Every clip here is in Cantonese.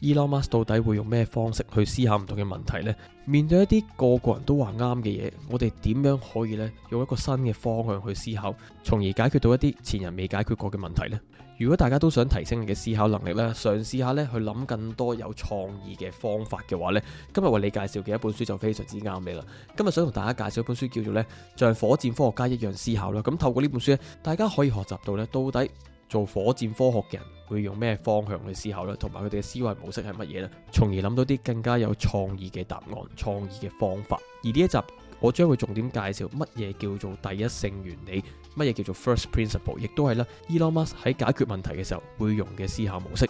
Elon Musk 到底會用咩方式去思考唔同嘅問題呢？面對一啲個個人都話啱嘅嘢，我哋點樣可以呢，用一個新嘅方向去思考，從而解決到一啲前人未解決過嘅問題呢？如果大家都想提升你嘅思考能力咧，嘗試下呢，去諗更多有創意嘅方法嘅話呢，今日為你介紹嘅一本書就非常之啱你啦。今日想同大家介紹一本書叫做呢，像火箭科學家一樣思考啦。咁透過呢本書呢，大家可以學習到呢到底。做火箭科學嘅人會用咩方向去思考呢？同埋佢哋嘅思維模式係乜嘢呢？從而諗到啲更加有創意嘅答案、創意嘅方法。而呢一集我將會重點介紹乜嘢叫做第一性原理，乜嘢叫做 First Principle，亦都係呢。Elon Musk 喺解決問題嘅時候會用嘅思考模式。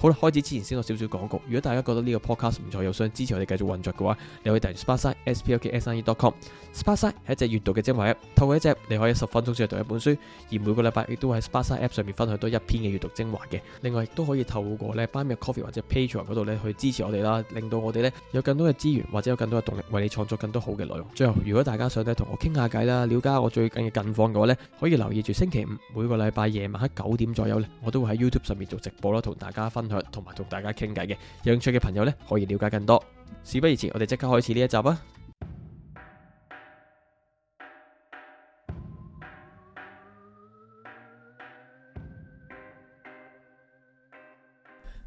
好啦，開始之前先有少少廣告。如果大家覺得呢個 podcast 唔錯，又想支持我哋繼續運作嘅話，你可以訂閱 Sparkside，spk32.com。Sparkside 係一隻閱讀嘅精華 APP，透過一隻你可以十分鐘先讀一本書，而每個禮拜亦都會喺 Sparkside app 上面分享多一篇嘅閱讀精華嘅。另外亦都可以透過呢 Buy Me a Coffee 或者 Patreon 嗰度呢去支持我哋啦，令到我哋呢有更多嘅資源或者有更多嘅動力為你創作更多好嘅內容。最後，如果大家想咧同我傾下偈啦，了解我最近嘅近況嘅話呢，可以留意住星期五每個禮拜夜晚喺九點左右呢，我都會喺 YouTube 上面做直播啦，同大家分享。同埋同大家傾偈嘅，有興趣嘅朋友呢，可以了解更多。事不宜遲，我哋即刻開始呢一集啊！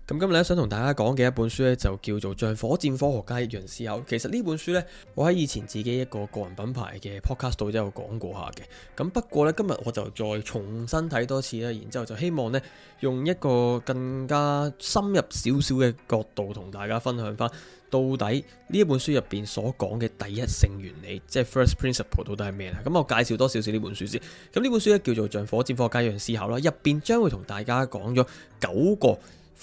咁今日咧想同大家講嘅一本書咧就叫做《像火箭科學家一樣思考》。其實呢本書呢，我喺以前自己一個個人品牌嘅 podcast 度都有講過下嘅。咁不過呢，今日我就再重新睇多次啦，然之後就希望呢，用一個更加深入少少嘅角度同大家分享翻，到底呢一本書入邊所講嘅第一性原理，即係 first principle，到底係咩啊？咁我介紹多少少呢本書先。咁呢本書咧叫做《像火箭科學家一樣思考》啦，入邊將會同大家講咗九個。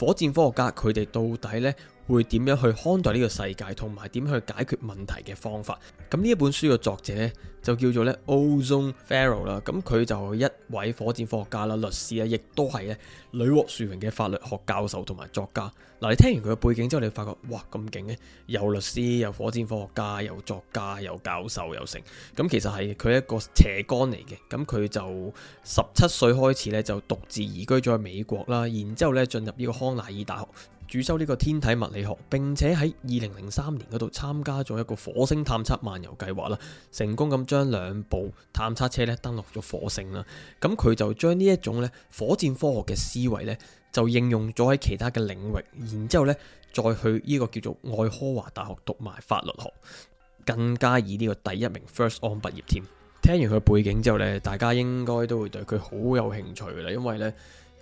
火箭科學家佢哋到底咧，會點樣去看待呢個世界，同埋點去解決問題嘅方法？咁呢一本書嘅作者就叫做咧 Ozone Farrell 啦。咁佢就一位火箭科學家啦，律師啊，亦都係咧屢獲殊榮嘅法律學教授同埋作家。嗱，你聽完佢嘅背景之後，你發覺哇咁勁嘅，有律師，有火箭科學家，有作家，有教授，有成。咁其實係佢一個斜槓嚟嘅。咁佢就十七歲開始咧就獨自移居咗去美國啦，然之後咧進入呢個康乃爾大學。主修呢個天體物理學，並且喺二零零三年嗰度參加咗一個火星探測漫遊計劃啦，成功咁將兩部探測車咧登陸咗火星啦。咁佢就將呢一種咧火箭科學嘅思維咧，就應用咗喺其他嘅領域，然之後咧再去呢個叫做愛荷華大學讀埋法律學，更加以呢個第一名 first on 畢業添。聽完佢背景之後咧，大家應該都會對佢好有興趣啦，因為咧。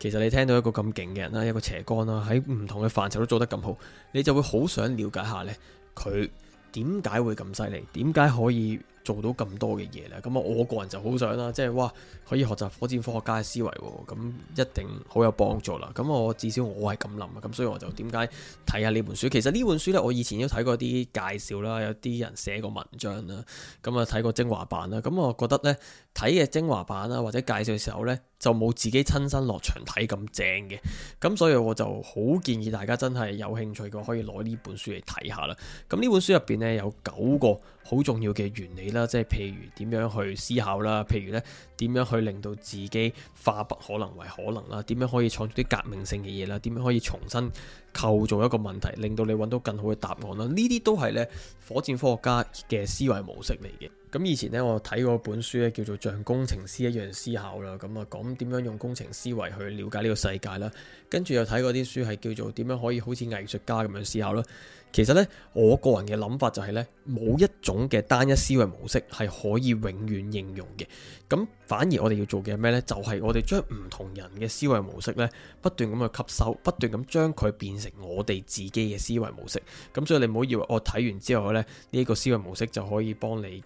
其實你聽到一個咁勁嘅人啦，一個斜槓啦，喺唔同嘅範疇都做得咁好，你就會好想了解下呢，佢點解會咁犀利，點解可以做到咁多嘅嘢呢？咁啊，我個人就好想啦，即係哇，可以學習火箭科學家嘅思維，咁一定好有幫助啦。咁我至少我係咁諗啊，咁所以我就點解睇下呢本書？其實呢本書呢，我以前都睇過啲介紹啦，有啲人寫過文章啦，咁啊睇過精華版啦，咁我覺得呢，睇嘅精華版啦或者介紹嘅時候呢。就冇自己親身落場睇咁正嘅，咁所以我就好建議大家真係有興趣嘅可以攞呢本書嚟睇下啦。咁呢本書入邊呢，有九個好重要嘅原理啦，即係譬如點樣去思考啦，譬如呢點樣去令到自己化不可能為可能啦，點樣可以創造啲革命性嘅嘢啦，點樣可以重新構造一個問題，令到你揾到更好嘅答案啦！呢啲都係咧火箭科學家嘅思維模式嚟嘅。咁以前呢，我睇過本書咧叫做《像工程師一樣思考》啦。咁啊，講點樣用工程思維去了解呢個世界啦。跟住又睇過啲書係叫做點樣可以好似藝術家咁樣思考啦。其實咧，我個人嘅諗法就係咧，冇一種嘅單一思維模式係可以永遠應用嘅。咁、嗯、反而我哋要做嘅係咩呢？就係、是、我哋將唔同人嘅思維模式呢，不斷咁去吸收，不斷咁將佢變成我哋自己嘅思維模式。咁、嗯、所以你唔好以為我睇完之後呢，呢、這、一個思維模式就可以幫你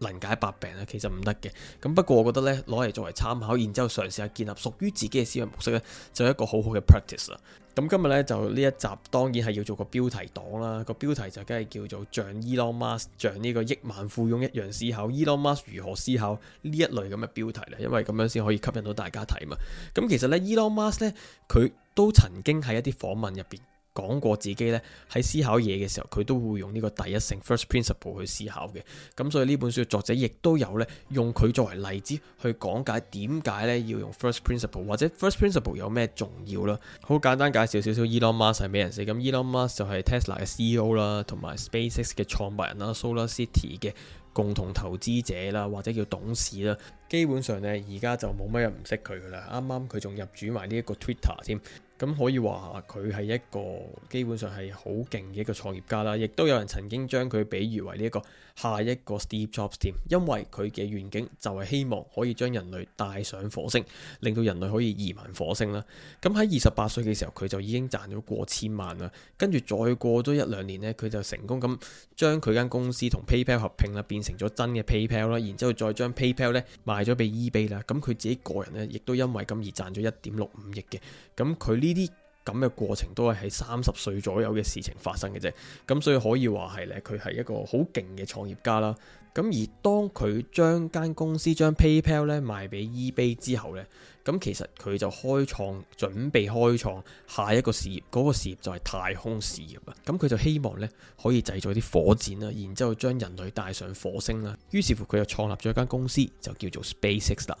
能解百病啊！其實唔得嘅。咁、嗯、不過我覺得呢，攞嚟作為參考，然之後嘗試下建立屬於自己嘅思維模式呢，就係一個好好嘅 practice 啦。咁今日咧就呢一集，當然係要做個標題黨啦。個標題就梗係叫做像 Elon Musk 像呢個億萬富翁一樣思考，Elon Musk 如何思考呢一類咁嘅標題咧，因為咁樣先可以吸引到大家睇嘛。咁其實咧，Elon Musk 咧，佢都曾經喺一啲訪問入邊。講過自己呢，喺思考嘢嘅時候，佢都會用呢個第一性 first principle 去思考嘅。咁所以呢本書作者亦都有呢，用佢作為例子去講解點解呢要用 first principle，或者 first principle 有咩重要啦。好簡單介紹少少 Elon Musk 係咩人先？咁 Elon Musk 就係 Tesla 嘅 CEO 啦，同埋 SpaceX 嘅創辦人啦，Solar City 嘅共同投資者啦，或者叫董事啦。基本上呢，而家就冇乜人唔識佢噶啦。啱啱佢仲入主埋呢一個 Twitter 添。咁可以話佢係一個基本上係好勁嘅一個創業家啦，亦都有人曾經將佢比喻為呢一個下一個 Steve Jobs 添，因為佢嘅願景就係希望可以將人類帶上火星，令到人類可以移民火星啦。咁喺二十八歲嘅時候，佢就已經賺咗過千萬啦。跟住再過咗一兩年咧，佢就成功咁將佢間公司同 PayPal 合併啦，變成咗真嘅 PayPal 啦。然之後再將 PayPal 咧賣咗俾 eBay 啦。咁佢自己個人咧，亦都因為咁而賺咗一點六五億嘅。咁佢呢？呢啲咁嘅過程都係喺三十歲左右嘅事情發生嘅啫，咁所以可以話係咧，佢係一個好勁嘅創業家啦。咁而當佢將間公司將 PayPal 咧賣俾 eBay 之後呢，咁其實佢就開創準備開創下一個事業，嗰個事業就係太空事業啊。咁佢就希望呢，可以製造啲火箭啦，然之後將人類帶上火星啦。於是乎佢就創立咗一間公司，就叫做 SpaceX 啦。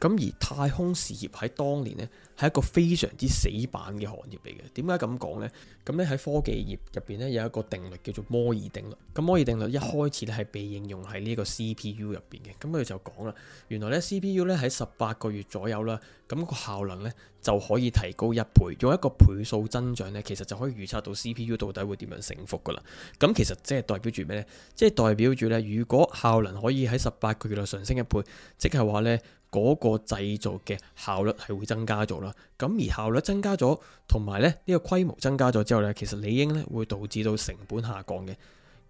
咁而太空事業喺當年呢，係一個非常之死板嘅行業嚟嘅，點解咁講呢？咁咧喺科技業入邊咧有一個定律，叫做摩爾定律。咁摩爾定律一開始咧係被應用喺呢個 CPU 入邊嘅。咁佢就講啦，原來咧 CPU 咧喺十八個月左右啦，咁個效能呢，就可以提高一倍，用一個倍數增長咧，其實就可以預測到 CPU 到底會點樣升幅㗎喇。咁其實即係代表住咩呢？即係代表住咧，如果效能可以喺十八個月內上升一倍，即係話咧嗰個製造嘅效率係會增加咗啦。咁而效率增加咗，同埋咧呢個規模增加咗之後咧，其實理應咧會導致到成本下降嘅。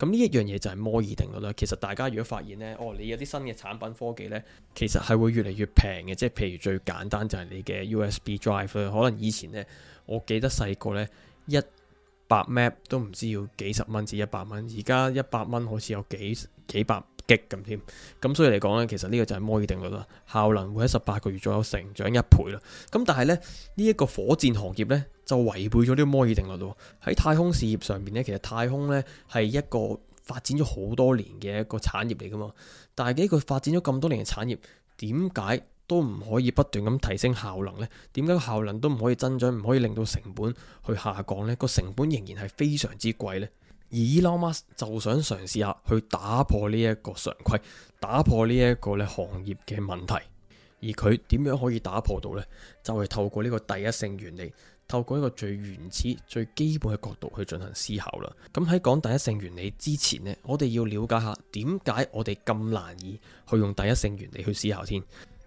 咁呢一樣嘢就係摩爾定律啦。其實大家如果發現呢，哦，你有啲新嘅產品科技呢，其實係會越嚟越平嘅。即係譬如最簡單就係你嘅 USB drive 啦。可能以前呢，我記得細個呢，一百 Mbps 都唔知要幾十蚊至一百蚊。而家一百蚊好似有幾幾百。咁 所以嚟講呢，其實呢個就係摩爾定律啦，效能會喺十八個月左右成長一倍啦。咁但係呢，呢、這、一個火箭行業呢，就違背咗呢個摩爾定律咯。喺太空事業上面呢，其實太空呢，係一個發展咗好多年嘅一個產業嚟噶嘛。但係佢個發展咗咁多年嘅產業，點解都唔可以不斷咁提升效能呢？點解個效能都唔可以增長，唔可以令到成本去下降呢？個成本仍然係非常之貴呢。而伊隆馬斯克就想嘗試下去打破呢一個常規，打破呢一個咧行業嘅問題。而佢點樣可以打破到呢？就係、是、透過呢個第一性原理，透過一個最原始、最基本嘅角度去進行思考啦。咁喺講第一性原理之前呢，我哋要了解下點解我哋咁難以去用第一性原理去思考添。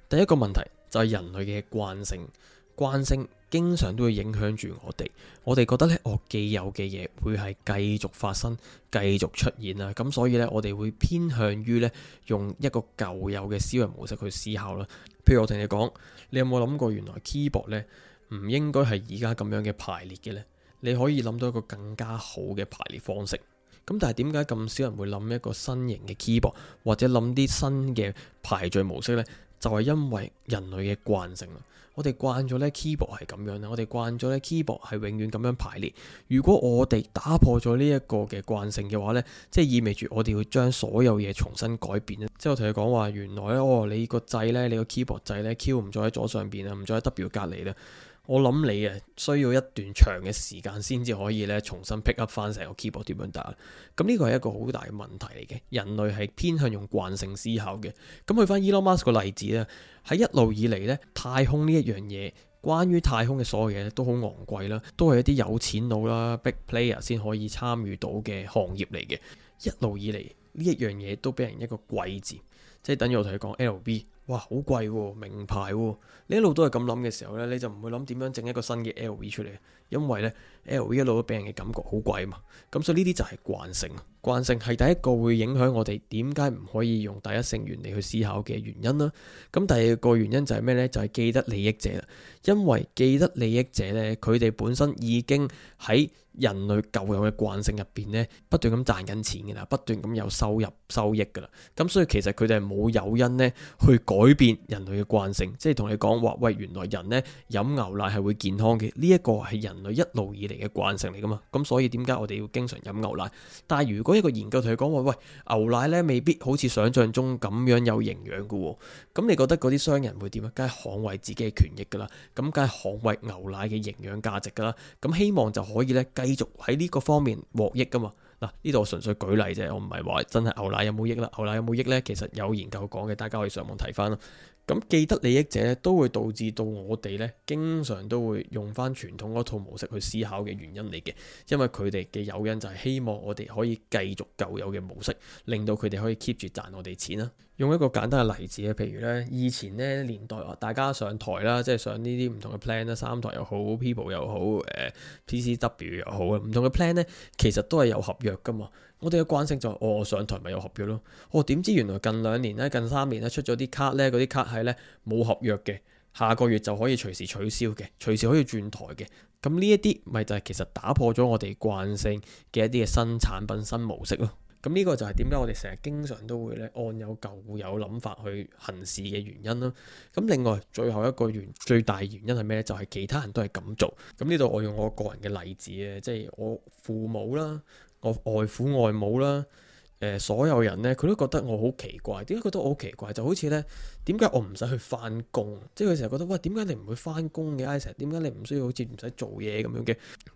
第一個問題就係人類嘅慣性。慣性經常都會影響住我哋，我哋覺得咧，我既有嘅嘢會係繼續發生、繼續出現啦，咁所以咧，我哋會偏向於咧用一個舊有嘅思維模式去思考啦。譬如我同你講，你有冇諗過原來 keyboard 咧唔應該係而家咁樣嘅排列嘅呢？你可以諗到一個更加好嘅排列方式。咁但係點解咁少人會諗一個新型嘅 keyboard 或者諗啲新嘅排序模式呢？就係因為人類嘅慣性。我哋慣咗咧，keyboard 係咁樣啦。我哋慣咗咧，keyboard 係永遠咁樣排列。如果我哋打破咗呢一個嘅慣性嘅話咧，即係意味住我哋要將所有嘢重新改變咧。即係我同佢講話，原來咧，哦，你個掣咧，你個 keyboard 掣咧，Q 唔再喺左上邊啊，唔再喺 W 隔離啦。我諗你啊，需要一段長嘅時間先至可以咧，重新 pick up 翻成個 keyboard 點樣打。咁呢個係一個好大嘅問題嚟嘅。人類係偏向用慣性思考嘅。咁去翻 Elon Musk 個例子啦，喺一路以嚟咧，太空呢一樣嘢，關於太空嘅所有嘢都好昂貴啦，都係一啲有錢佬啦，big player 先可以參與到嘅行業嚟嘅。一路以嚟呢一樣嘢都俾人一個貴字，即係等於我同你講 LB。哇，好貴喎，名牌喎、啊！你一路都係咁諗嘅時候呢，你就唔會諗點樣整一個新嘅 LV 出嚟，因為呢 LV 一路都俾人嘅感覺好貴嘛。咁所以呢啲就係慣性啊，慣性係第一個會影響我哋點解唔可以用第一性原理去思考嘅原因啦、啊。咁第二個原因就係咩呢？就係、是、既得利益者啦，因為既得利益者呢，佢哋本身已經喺人類舊有嘅慣性入邊呢，不斷咁賺緊錢噶啦，不斷咁有收入收益噶啦。咁所以其實佢哋係冇誘因呢。去改變人類嘅慣性，即係同你講話，喂，原來人呢飲牛奶係會健康嘅，呢一個係人類一路以嚟嘅慣性嚟噶嘛，咁所以點解我哋要經常飲牛奶？但係如果一個研究同你講話，喂，牛奶呢未必好似想象中咁樣有營養噶喎，咁你覺得嗰啲商人會點啊？梗係捍衛自己嘅權益噶啦，咁梗係捍衛牛奶嘅營養價值噶啦，咁希望就可以呢繼續喺呢個方面獲益噶嘛。呢度我純粹舉例啫，我唔係話真係牛奶有冇益啦。牛奶有冇益呢？其實有研究講嘅，大家可以上網睇翻咯。咁既得利益者都會導致到我哋咧，經常都會用翻傳統嗰套模式去思考嘅原因嚟嘅，因為佢哋嘅誘因就係希望我哋可以繼續舊有嘅模式，令到佢哋可以 keep 住賺我哋錢啦。用一個簡單嘅例子咧，譬如咧，以前咧年代啊，大家上台啦，即係上呢啲唔同嘅 plan 啦，三台又好，people 又好，誒 PCW 又好啦，唔同嘅 plan 咧，其實都係有合約噶嘛。我哋嘅慣性就係、是，哦，我上台咪有合約咯。哦，點知原來近兩年咧、近三年咧出咗啲卡咧，嗰啲卡係咧冇合約嘅，下個月就可以隨時取消嘅，隨時可以轉台嘅。咁呢一啲咪就係其實打破咗我哋慣性嘅一啲嘅新產品、新模式咯。咁呢個就係點解我哋成日經常都會咧按有舊有諗法去行事嘅原因啦。咁另外最後一個原最大原因係咩咧？就係、是、其他人都係咁做。咁呢度我用我個人嘅例子咧，即係我父母啦。我外父外母啦，誒、呃、所有人呢，佢都覺得我好奇怪，點解覺得我好奇怪？就好似呢。點解我唔使去翻工？即係佢成日覺得，喂，點解你唔會翻工嘅，Isaac？點解你唔需要好似唔使做嘢咁樣嘅？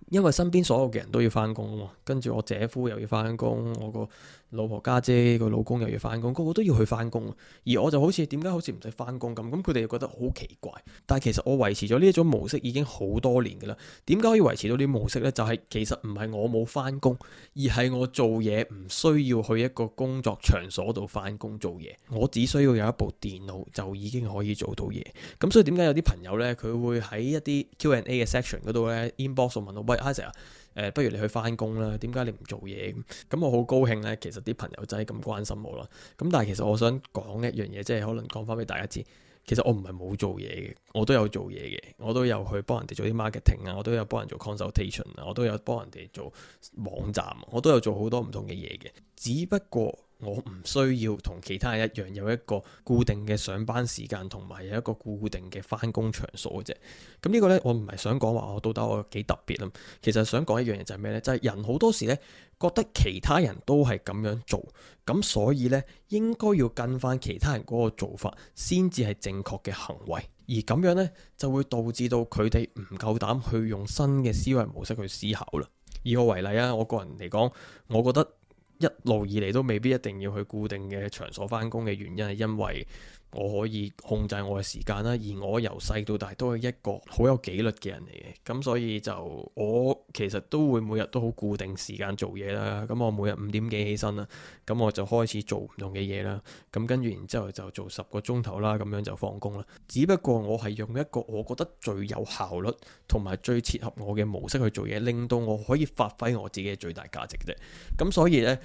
因為身邊所有嘅人都要翻工啊嘛。跟住我姐夫又要翻工，我個老婆家姐個老公又要翻工，個個都要去翻工。而我就好似點解好似唔使翻工咁？咁佢哋又覺得好奇怪。但係其實我維持咗呢一種模式已經好多年㗎啦。點解可以維持到呢個模式呢？就係、是、其實唔係我冇翻工，而係我做嘢唔需要去一個工作場所度翻工做嘢。我只需要有一部電腦。就已經可以做到嘢，咁所以點解有啲朋友呢？佢會喺一啲 Q and A 嘅 section 嗰度呢。inbox 我問我，喂，阿 Sir、呃、不如你去返工啦，點解你唔做嘢？咁我好高興呢。其實啲朋友真係咁關心我啦。咁但係其實我想講一樣嘢，即係可能講返俾大家知，其實我唔係冇做嘢嘅，我都有做嘢嘅，我都有去幫人哋做啲 marketing 啊，我都有幫人做 consultation 啊，我都有幫人哋做網站，我都有做好多唔同嘅嘢嘅，只不過。我唔需要同其他人一樣有一個固定嘅上班時間，同埋有一個固定嘅翻工場所嘅啫。咁呢個呢，我唔係想講話、哦、我到底我幾特別啦。其實想講一樣嘢就係咩呢？就係、是、人好多時呢，覺得其他人都係咁樣做，咁所以呢，應該要跟翻其他人嗰個做法，先至係正確嘅行為。而咁樣呢，就會導致到佢哋唔夠膽去用新嘅思維模式去思考啦。以我為例啊，我個人嚟講，我覺得。一路以嚟都未必一定要去固定嘅場所返工嘅原因係因為。我可以控制我嘅時間啦，而我由細到大都係一個好有紀律嘅人嚟嘅，咁所以就我其實都會每日都好固定時間做嘢啦，咁我每日五點幾起身啦，咁我就開始做唔同嘅嘢啦，咁跟住然之後就做十個鐘頭啦，咁樣就放工啦。只不過我係用一個我覺得最有效率同埋最切合我嘅模式去做嘢，令到我可以發揮我自己嘅最大價值嘅啫。咁所以呢。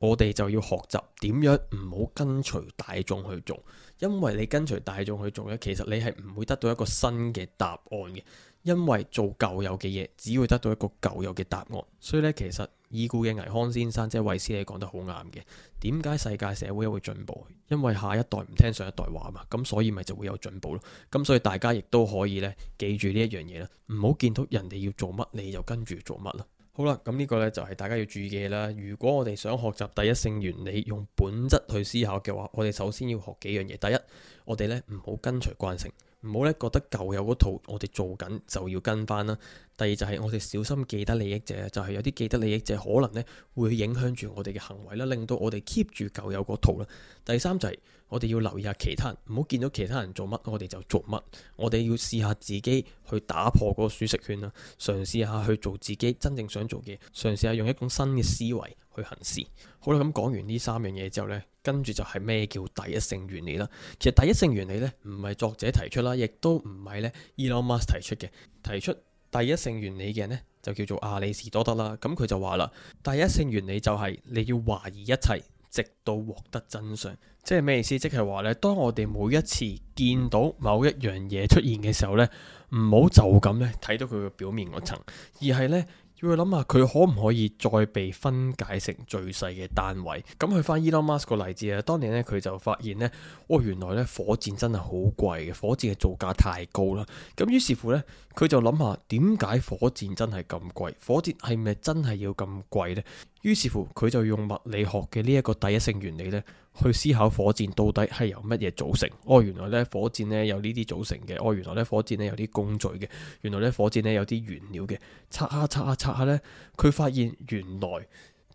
我哋就要學習點樣唔好跟隨大眾去做，因為你跟隨大眾去做咧，其實你係唔會得到一個新嘅答案嘅，因為做舊有嘅嘢只會得到一個舊有嘅答案。所以咧，其實已故嘅倪匡先生即係衛斯理你講得好啱嘅。點解世界社會會進步？因為下一代唔聽上一代話嘛，咁所以咪就會有進步咯。咁所以大家亦都可以咧記住呢一樣嘢啦，唔好見到人哋要做乜你就跟住做乜啦。好啦，咁呢個呢就係大家要注意嘅嘢啦。如果我哋想學習第一性原理，用本質去思考嘅話，我哋首先要學幾樣嘢。第一，我哋呢唔好跟隨慣性。唔好咧，覺得舊有嗰套我，我哋做緊就要跟翻啦。第二就係我哋小心既得利益者，就係、是、有啲既得利益者可能呢會影響住我哋嘅行為啦，令到我哋 keep 住舊有嗰套啦。第三就係我哋要留意下其他人，唔好見到其他人做乜，我哋就做乜。我哋要試下自己去打破個舒適圈啦，嘗試下去做自己真正想做嘅，嘗試下用一種新嘅思維去行事。好啦，咁講完呢三樣嘢之後呢。跟住就係咩叫第一性原理啦，其實第一性原理呢唔係作者提出啦，亦都唔係呢 Elon Musk 提出嘅，提出第一性原理嘅人呢就叫做阿里士多德啦，咁、嗯、佢就話啦，第一性原理就係你要懷疑一切，直到獲得真相，即係咩意思？即係話呢，當我哋每一次見到某一樣嘢出現嘅時候呢，唔好就咁呢睇到佢嘅表面嗰層，而係呢。要諗下佢可唔可以再被分解成最細嘅單位？咁去翻 Elon Musk 個例子啊，當年呢，佢就發現呢：「哦，原來呢火箭真係好貴嘅，火箭嘅造價太高啦。」咁於是乎呢，佢就諗下點解火箭真係咁貴？火箭係咪真係要咁貴呢？於是乎，佢就用物理學嘅呢一個第一性原理咧，去思考火箭到底係由乜嘢組成。哦，原來咧，火箭咧有呢啲組成嘅。哦，原來咧，火箭咧有啲工序嘅。原來咧，火箭咧有啲原料嘅。拆下拆下拆下咧，佢發現原來。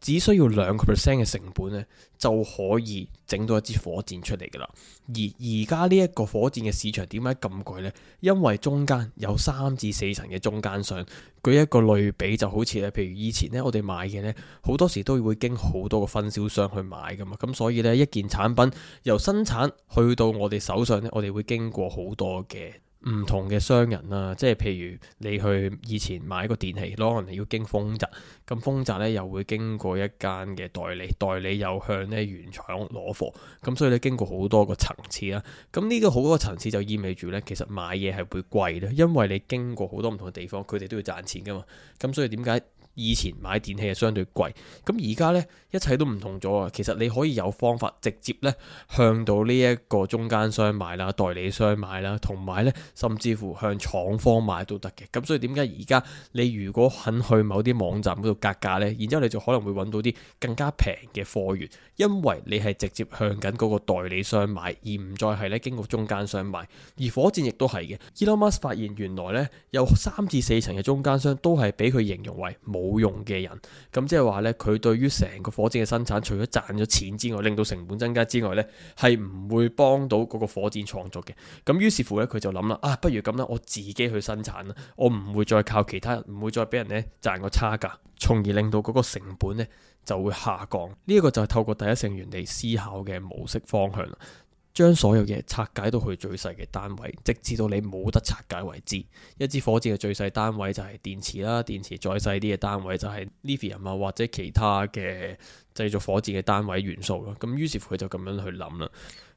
只需要兩個 percent 嘅成本咧，就可以整到一支火箭出嚟㗎啦。而而家呢一個火箭嘅市場點解咁貴呢？因為中間有三至四層嘅中間商。舉一個類比就好似咧，譬如以前咧，我哋買嘅咧，好多時都會經好多個分銷商去買噶嘛。咁所以呢，一件產品由生產去到我哋手上呢，我哋會經過好多嘅。唔同嘅商人啦，即係譬如你去以前買個電器，人哋要經豐澤，咁豐澤呢，又會經過一間嘅代理，代理又向呢原廠攞貨，咁所以咧經過好多個層次啦。咁呢個好多個層次就意味住呢，其實買嘢係會貴咧，因為你經過好多唔同嘅地方，佢哋都要賺錢㗎嘛。咁所以點解？以前買電器係相對貴，咁而家呢一切都唔同咗啊！其實你可以有方法直接呢向到呢一個中間商買啦、代理商買啦，同埋呢甚至乎向廠方買都得嘅。咁所以點解而家你如果肯去某啲網站嗰度格價呢，然之後你就可能會揾到啲更加平嘅貨源，因為你係直接向緊嗰個代理商買，而唔再係呢經過中間商買。而火箭亦都係嘅，Elon Musk 發現原來呢有三至四層嘅中間商都係俾佢形容為冇冇用嘅人，咁即係話呢，佢對於成個火箭嘅生產，除咗賺咗錢之外，令到成本增加之外呢，係唔會幫到嗰個火箭創作嘅。咁於是乎呢，佢就諗啦，啊，不如咁啦，我自己去生產啦，我唔會再靠其他人，唔會再俾人呢賺個差價，從而令到嗰個成本呢就會下降。呢一個就係透過第一成員嚟思考嘅模式方向。將所有嘢拆解到佢最細嘅單位，直至到你冇得拆解為止。一支火箭嘅最細單位就係電池啦，電池再細啲嘅單位就係 lithium 啊，或者其他嘅製造火箭嘅單位元素啦。咁於是乎佢就咁樣去諗啦。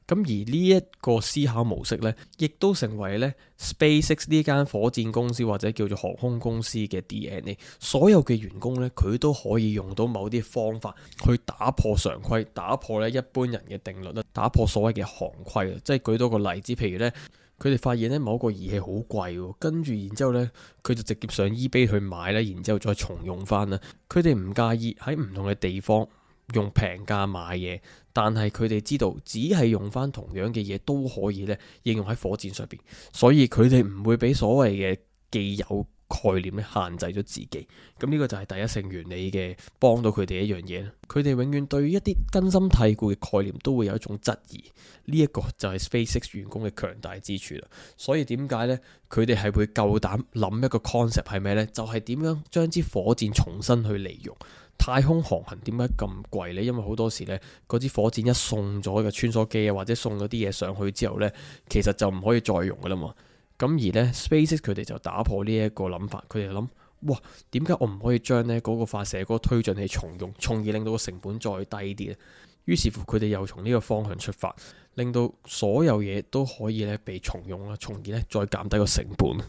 咁而呢一個思考模式呢，亦都成為呢 SpaceX 呢間火箭公司或者叫做航空公司嘅 DNA，所有嘅員工呢，佢都可以用到某啲方法去打破常規，打破呢一般人嘅定律啦，打破所謂嘅行規啊！即係舉多個例子，譬如呢，佢哋發現呢某個儀器好貴，跟住然之後呢，佢就直接上 eBay 去買呢，然之後再重用翻啦。佢哋唔介意喺唔同嘅地方。用平價買嘢，但係佢哋知道只係用翻同樣嘅嘢都可以咧應用喺火箭上邊，所以佢哋唔會俾所謂嘅既有概念咧限制咗自己。咁呢個就係第一性原理嘅幫到佢哋一樣嘢。佢哋永遠對一啲根深蒂固嘅概念都會有一種質疑。呢、這、一個就係 SpaceX 員工嘅強大之處啦。所以點解呢？佢哋係會夠膽諗一個 concept 係咩呢？就係、是、點樣將支火箭重新去利用。太空航行點解咁貴呢？因為好多時呢，嗰支火箭一送咗個穿梭機啊，或者送咗啲嘢上去之後呢，其實就唔可以再用噶啦嘛。咁而呢 SpaceX 佢哋就打破呢一個諗法，佢哋諗：哇，點解我唔可以將呢嗰個發射嗰個推進器重用，從而令到個成本再低啲呢？」於是乎佢哋又從呢個方向出發，令到所有嘢都可以呢被重用啦，從而呢，再減低個成本。呢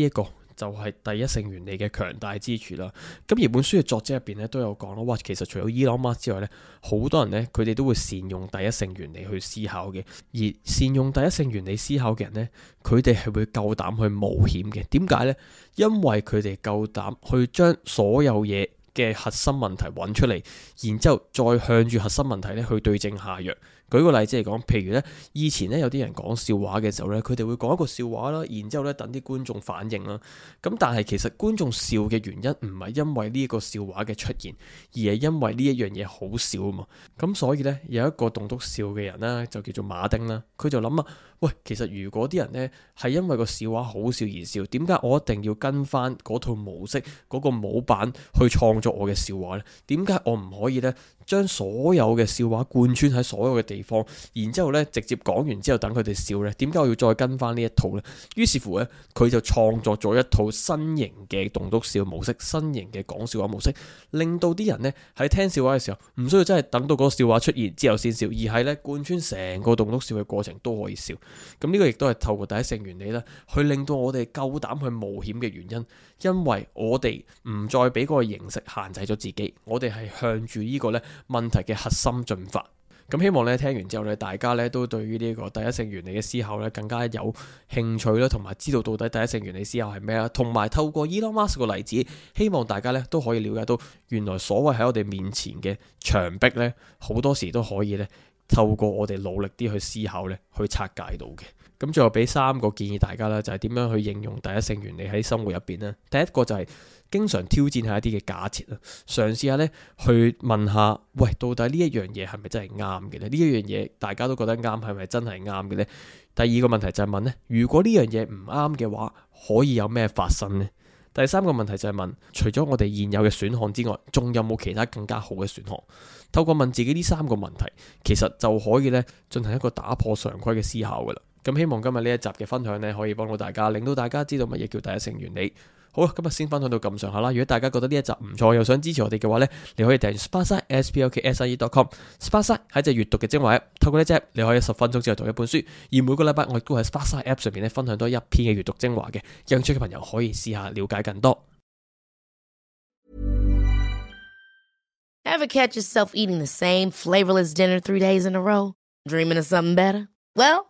一個。就係第一性原理嘅強大之處啦。咁而本書嘅作者入邊咧都有講啦。哇！其實除咗伊朗馬之外咧，好多人咧佢哋都會善用第一性原理去思考嘅。而善用第一性原理思考嘅人咧，佢哋係會夠膽去冒險嘅。點解咧？因為佢哋夠膽去將所有嘢嘅核心問題揾出嚟，然之後再向住核心問題咧去對症下藥。舉個例子嚟講，譬如呢，以前呢，有啲人講笑話嘅時候呢，佢哋會講一個笑話啦，然之後呢，等啲觀眾反應啦。咁但係其實觀眾笑嘅原因唔係因為呢個笑話嘅出現，而係因為呢一樣嘢好笑啊嘛。咁所以呢，有一個棟篤笑嘅人呢，就叫做馬丁啦。佢就諗啊，喂，其實如果啲人呢係因為個笑話好笑而笑，點解我一定要跟翻嗰套模式、嗰個模板去創作我嘅笑話呢？點解我唔可以呢？」將所有嘅笑話貫穿喺所有嘅地方，然之後呢，直接講完之後等佢哋笑呢，點解我要再跟翻呢一套呢？於是乎呢，佢就創作咗一套新型嘅棟篤笑模式，新型嘅講笑話模式，令到啲人呢喺聽笑話嘅時候唔需要真係等到嗰個笑話出現之後先笑，而係呢，貫穿成個棟篤笑嘅過程都可以笑。咁呢個亦都係透過第一性原理呢，去令到我哋夠膽去冒險嘅原因，因為我哋唔再俾個形式限制咗自己，我哋係向住呢個呢。問題嘅核心進發。咁希望咧聽完之後咧，大家咧都對於呢個第一性原理嘅思考咧更加有興趣啦，同埋知道到底第一性原理思考係咩啦，同埋透過 Elon Musk 嘅例子，希望大家咧都可以了解到，原來所謂喺我哋面前嘅牆壁咧，好多時都可以咧透過我哋努力啲去思考咧，去拆解到嘅。咁最後俾三個建議大家啦，就係點樣去應用第一性原理喺生活入邊呢，第一個就係經常挑戰下一啲嘅假設啦，嘗試下呢去問下，喂，到底呢一樣嘢係咪真係啱嘅呢？呢一樣嘢大家都覺得啱，係咪真係啱嘅呢？」第二個問題就係問呢，如果呢樣嘢唔啱嘅話，可以有咩發生呢？」第三個問題就係問，除咗我哋現有嘅選項之外，仲有冇其他更加好嘅選項？透過問自己呢三個問題，其實就可以呢進行一個打破常規嘅思考噶啦。咁希望今日呢一集嘅分享呢，可以幫到大家，令到大家知道乜嘢叫第一性原理。好啦，今日先分享到咁上下啦。如果大家覺得呢一集唔錯，又想支持我哋嘅話呢，你可以訂閱 s p a s a S P L K、S I E dot com。spasa 係隻閱讀嘅精華 app，透過呢隻你可以十分鐘之內讀一本書。而每個禮拜我亦都喺 s p a s a app 上面咧分享多一篇嘅閱讀精華嘅，有興趣嘅朋友可以試下了解更多。Ever catch yourself eating the same flavorless dinner three days in a row, dreaming of something better? Well